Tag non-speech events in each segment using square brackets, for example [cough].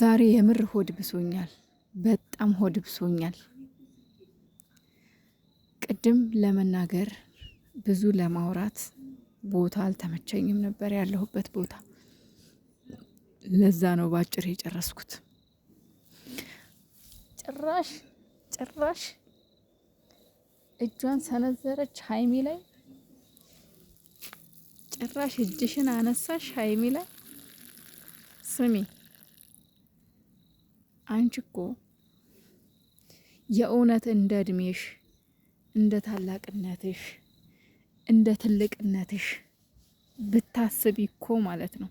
ዛሬ የምር ሆድ ብሶኛል፣ በጣም ሆድ ብሶኛል። ቅድም ለመናገር ብዙ ለማውራት ቦታ አልተመቸኝም ነበር ያለሁበት ቦታ። ለዛ ነው ባጭር የጨረስኩት። ጭራሽ ጭራሽ እጇን ሰነዘረች ሀይሚ ላይ፣ ጭራሽ እጅሽን አነሳሽ ሀይሚ ላይ። ስሜ። አንቺ እኮ የእውነት እንደ እድሜሽ እንደ ታላቅነትሽ እንደ ትልቅነትሽ ብታስብ እኮ ማለት ነው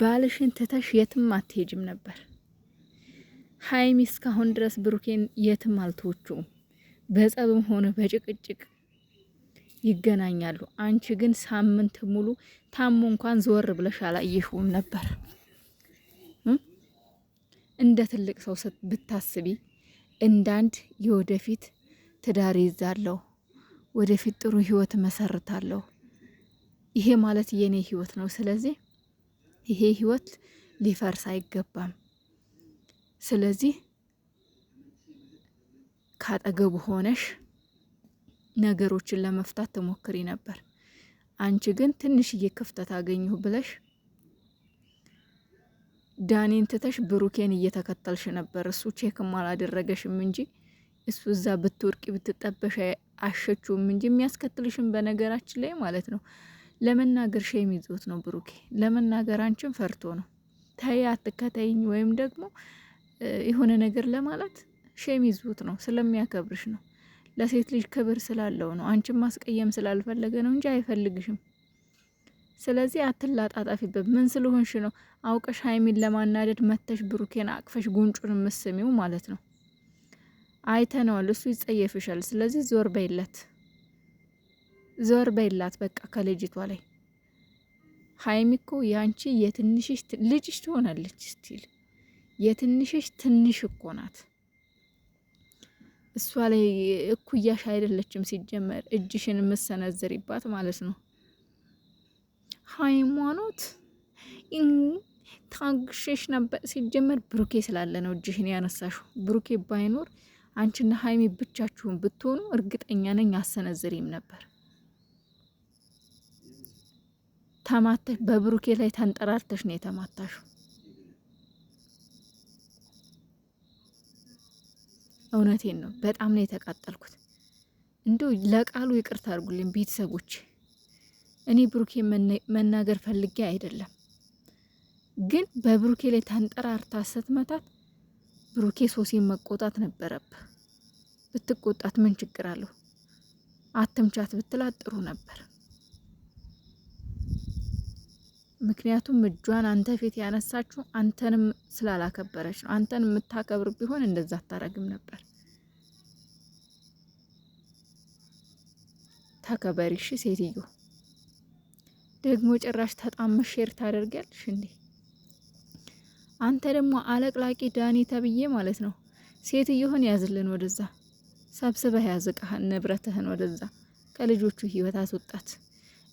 ባልሽን ትተሽ የትም አትሄጅም ነበር። ሀይሚ እስካሁን ድረስ ብሩኬን የትም አልተወችውም። በጸብም ሆነ በጭቅጭቅ ይገናኛሉ። አንቺ ግን ሳምንት ሙሉ ታሞ እንኳን ዘወር ብለሽ አላየሽውም ነበር። እንደ ትልቅ ሰው ብታስቢ እንዳንድ የወደፊት ትዳር ይዛለሁ፣ ወደፊት ጥሩ ህይወት መሰርታለሁ። ይሄ ማለት የኔ ህይወት ነው። ስለዚህ ይሄ ህይወት ሊፈርስ አይገባም። ስለዚህ ካጠገቡ ሆነሽ ነገሮችን ለመፍታት ትሞክሪ ነበር። አንቺ ግን ትንሽዬ ክፍተት አገኘሁ ብለሽ ዳኔን ትተሽ ብሩኬን እየተከተልሽ ነበር። እሱ ቼክም አላደረገሽም እንጂ እሱ እዛ ብትወርቂ ብትጠበሽ አሸችውም እንጂ የሚያስከትልሽም በነገራችን ላይ ማለት ነው ለመናገር ሼም ይዞት ነው ብሩኬ ለመናገር አንቺን ፈርቶ ነው። ተይ አትከተይኝ ወይም ደግሞ የሆነ ነገር ለማለት ሼም ይዞት ነው። ስለሚያከብርሽ ነው። ለሴት ልጅ ክብር ስላለው ነው። አንቺን ማስቀየም ስላልፈለገ ነው እንጂ አይፈልግሽም። ስለዚህ አትላጣጣፊበት። ምን ስለሆንሽ ነው አውቀሽ ሀይሚን ለማናደድ መተሽ ብሩኬን አቅፈሽ ጉንጩን የምስሚው ማለት ነው። አይተነዋል። እሱ ይጸየፍሻል። ስለዚህ ዞር በይለት፣ ዞር በይላት በቃ ከልጅቷ ላይ ሀይሚ እኮ ያንቺ የትንሽሽ ልጅሽ ትሆናለች። ስቲል የትንሽሽ ትንሽ እኮ ናት። እሷ ላይ እኩያሽ አይደለችም ሲጀመር እጅሽን የምሰነዝሪባት ማለት ነው። ሃይማኖት ታግሼሽ ነበር። ሲጀመር ብሩኬ ስላለ ነው እጅሽን ያነሳሽው። ብሩኬ ባይኖር አንቺና ሀይሚ ብቻችሁን ብትሆኑ እርግጠኛ ነኝ አሰነዝሬም ነበር። ተማተሽ በብሩኬ ላይ ተንጠራርተሽ ነው የተማታሹ። እውነቴን ነው። በጣም ነው የተቃጠልኩት። እንዲሁ ለቃሉ ይቅርታ አድርጉልኝ ቤተሰቦች። እኔ ብሩኬ መናገር ፈልጌ አይደለም፣ ግን በብሩኬ ላይ ተንጠራርታ ስትመታት ብሩኬ ሶሲን መቆጣት ነበረብህ። ብትቆጣት ምን ችግር አለሁ? አትምቻት ብትላት ጥሩ ነበር። ምክንያቱም እጇን አንተ ፊት ያነሳችሁ አንተንም ስላላከበረች ነው። አንተን የምታከብር ቢሆን እንደዛ አታረግም ነበር። ተከበሪሽ ሴትዮ። ደግሞ ጭራሽ ተጣመሽ ሼር ታደርጋለሽ እንዴ? አንተ ደግሞ አለቅላቂ ዳኒ ተብዬ ማለት ነው። ሴትዮህን ያዝልን ወደዛ፣ ሰብስበህ ያዝቅህን ንብረትህን ወደዛ ከልጆቹ ህይወት አስወጣት።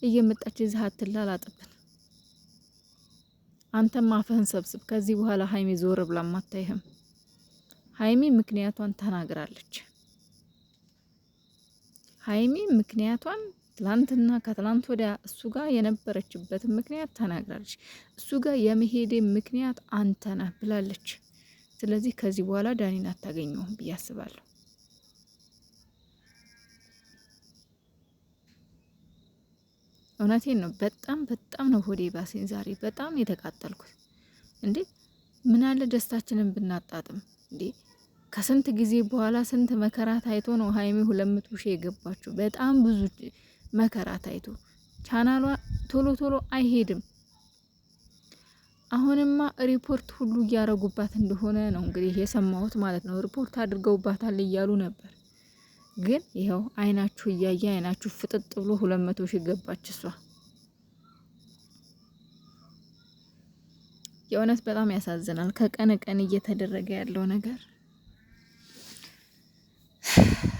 እየመጣች እዚህ አትላላጥብን። አንተም አፍህን ሰብስብ። ከዚህ በኋላ ሀይሚ ዞር ብላም አታይህም። ሀይሚ ምክንያቷን ተናግራለች። ሀይሚ ምክንያቷን ትላንትና ከትላንት ወዲያ እሱ ጋር የነበረችበት ምክንያት ተናግራለች። እሱ ጋር የመሄዴ ምክንያት አንተ ነህ ብላለች። ስለዚህ ከዚህ በኋላ ዳኒን አታገኘውም ብዬ አስባለሁ። እውነቴን ነው። በጣም በጣም ነው ሆዴ ባሴን ዛሬ በጣም የተቃጠልኩት። እንዴ ምን አለ ደስታችንን ብናጣጥም እንዴ ከስንት ጊዜ በኋላ ስንት መከራ ታይቶ ነው ሀይሚ ሁለት መቶ ሺህ የገባችሁ። በጣም ብዙ መከራ ታይቶ ቻናሏ ቶሎ ቶሎ አይሄድም። አሁንማ ሪፖርት ሁሉ እያረጉባት እንደሆነ ነው እንግዲህ የሰማሁት ማለት ነው። ሪፖርት አድርገውባታል እያሉ ነበር። ግን ይኸው አይናችሁ እያየ አይናችሁ ፍጥጥ ብሎ ሁለት መቶ ሺህ ገባች እሷ። የእውነት በጣም ያሳዝናል። ከቀን ቀን እየተደረገ ያለው ነገር [sighs]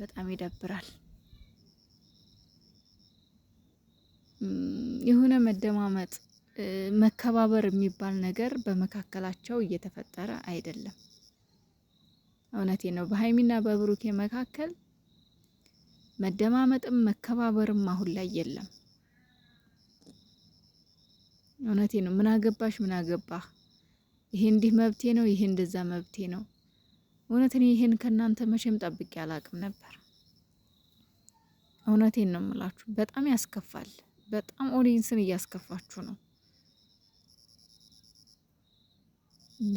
በጣም ይደብራል። የሆነ መደማመጥ መከባበር የሚባል ነገር በመካከላቸው እየተፈጠረ አይደለም። እውነቴ ነው። በሀይሚና በብሩኬ መካከል መደማመጥም መከባበርም አሁን ላይ የለም። እውነቴ ነው። ምን አገባሽ፣ ምን አገባህ፣ ይሄ እንዲህ መብቴ ነው፣ ይሄ እንደዛ መብቴ ነው። እውነት እኔ ይሄን ከእናንተ መቼም ጠብቄ አላቅም ነበር። እውነቴን ነው የምላችሁ፣ በጣም ያስከፋል። በጣም ኦዲየንስን እያስከፋችሁ ነው።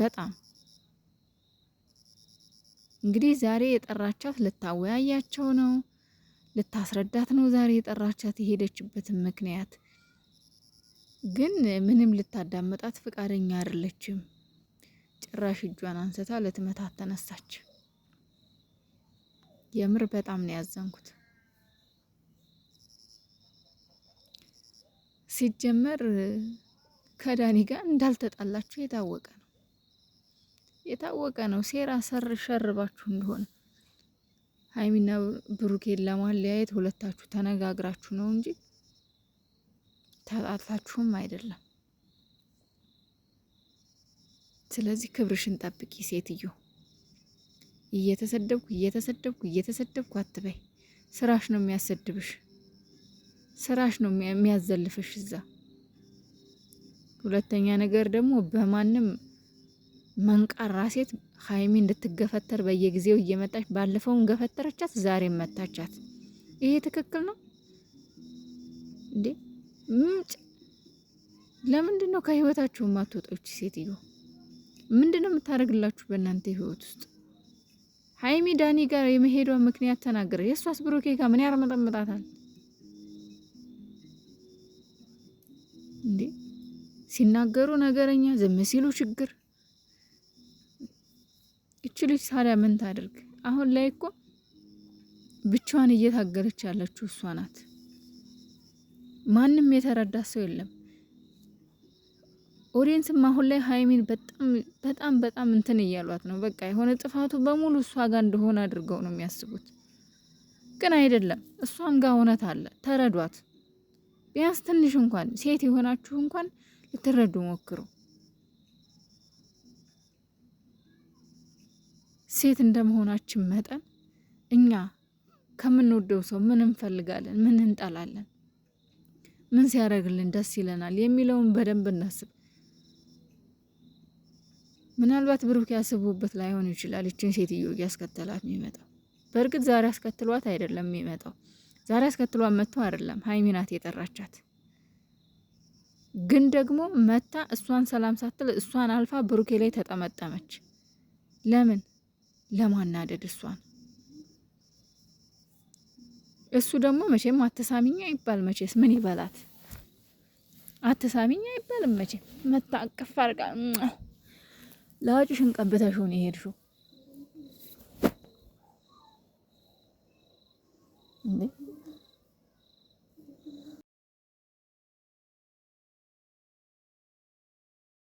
በጣም እንግዲህ ዛሬ የጠራቻት ልታወያያቸው ነው፣ ልታስረዳት ነው። ዛሬ የጠራቻት የሄደችበትን ምክንያት ግን ምንም ልታዳመጣት ፍቃደኛ አይደለችም። ጭራሽ እጇን አንስታ ልትመታት ተነሳች። የምር በጣም ነው ያዘንኩት። ሲጀመር ከዳኒ ጋር እንዳልተጣላችሁ የታወቀ ነው የታወቀ ነው። ሴራ ሰር ሸርባችሁ እንደሆነ ሀይሚና ብሩኬን ለማለያየት ሁለታችሁ ተነጋግራችሁ ነው እንጂ ተጣልታችሁም አይደለም። ስለዚህ ክብርሽን ጠብቂ ሴትዮ። እየተሰደብኩ እየተሰደብኩ እየተሰደብኩ አትበይ፣ ስራሽ ነው የሚያሰድብሽ። ስራሽ ነው የሚያዘልፍሽ እዛ። ሁለተኛ ነገር ደግሞ በማንም መንቃራ ሴት ሀይሚ እንድትገፈተር በየጊዜው እየመጣች ባለፈውም ገፈተረቻት፣ ዛሬም መታቻት። ይሄ ትክክል ነው እንዴ? ምንጭ ለምንድን ነው ከህይወታችሁ ማትወጣች? ሴትዮ ምንድን ነው የምታደርግላችሁ በእናንተ ህይወት ውስጥ? ሀይሚ ዳኒ ጋር የመሄዷ ምክንያት ተናገረ። የእሷስ ብሩኬ ጋር ምን ያርመጠምጣታል? ሲናገሩ ነገረኛ፣ ዝም ሲሉ ችግር። እች ልጅ ታዲያ ምን ታደርግ? አሁን ላይ እኮ ብቻዋን እየታገለች ያለችው እሷ ናት። ማንም የተረዳ ሰው የለም። ኦዲየንስም አሁን ላይ ሀይሚን በጣም በጣም በጣም እንትን እያሏት ነው። በቃ የሆነ ጥፋቱ በሙሉ እሷ ጋር እንደሆነ አድርገው ነው የሚያስቡት፣ ግን አይደለም። እሷም ጋር እውነት አለ። ተረዷት ቢያንስ ትንሽ እንኳን ሴት የሆናችሁ እንኳን ልትረዱ ሞክሩ። ሴት እንደመሆናችን መጠን እኛ ከምንወደው ሰው ምን እንፈልጋለን፣ ምን እንጠላለን፣ ምን ሲያደርግልን ደስ ይለናል የሚለውን በደንብ እናስብ። ምናልባት ብሩክ ያስቡበት ላይሆን ይችላል። ይችን ሴትዮ ያስከተላት የሚመጣው በእርግጥ ዛሬ አስከትሏት አይደለም የሚመጣው ዛሬ አስከትሏት መጥቶ አይደለም ሀይሚ የጠራቻት። ግን ደግሞ መታ እሷን ሰላም ሳትል እሷን አልፋ ብሩኬ ላይ ተጠመጠመች። ለምን? ለማናደድ እሷን። እሱ ደግሞ መቼም አተሳሚኛ ይባል መቼስ ምን ይበላት? አተሳሚኛ ይባልም መቼም። መታ አቅፍ አርጋ ላጭሽን ቀብተሽው የሄድሽው እንዴ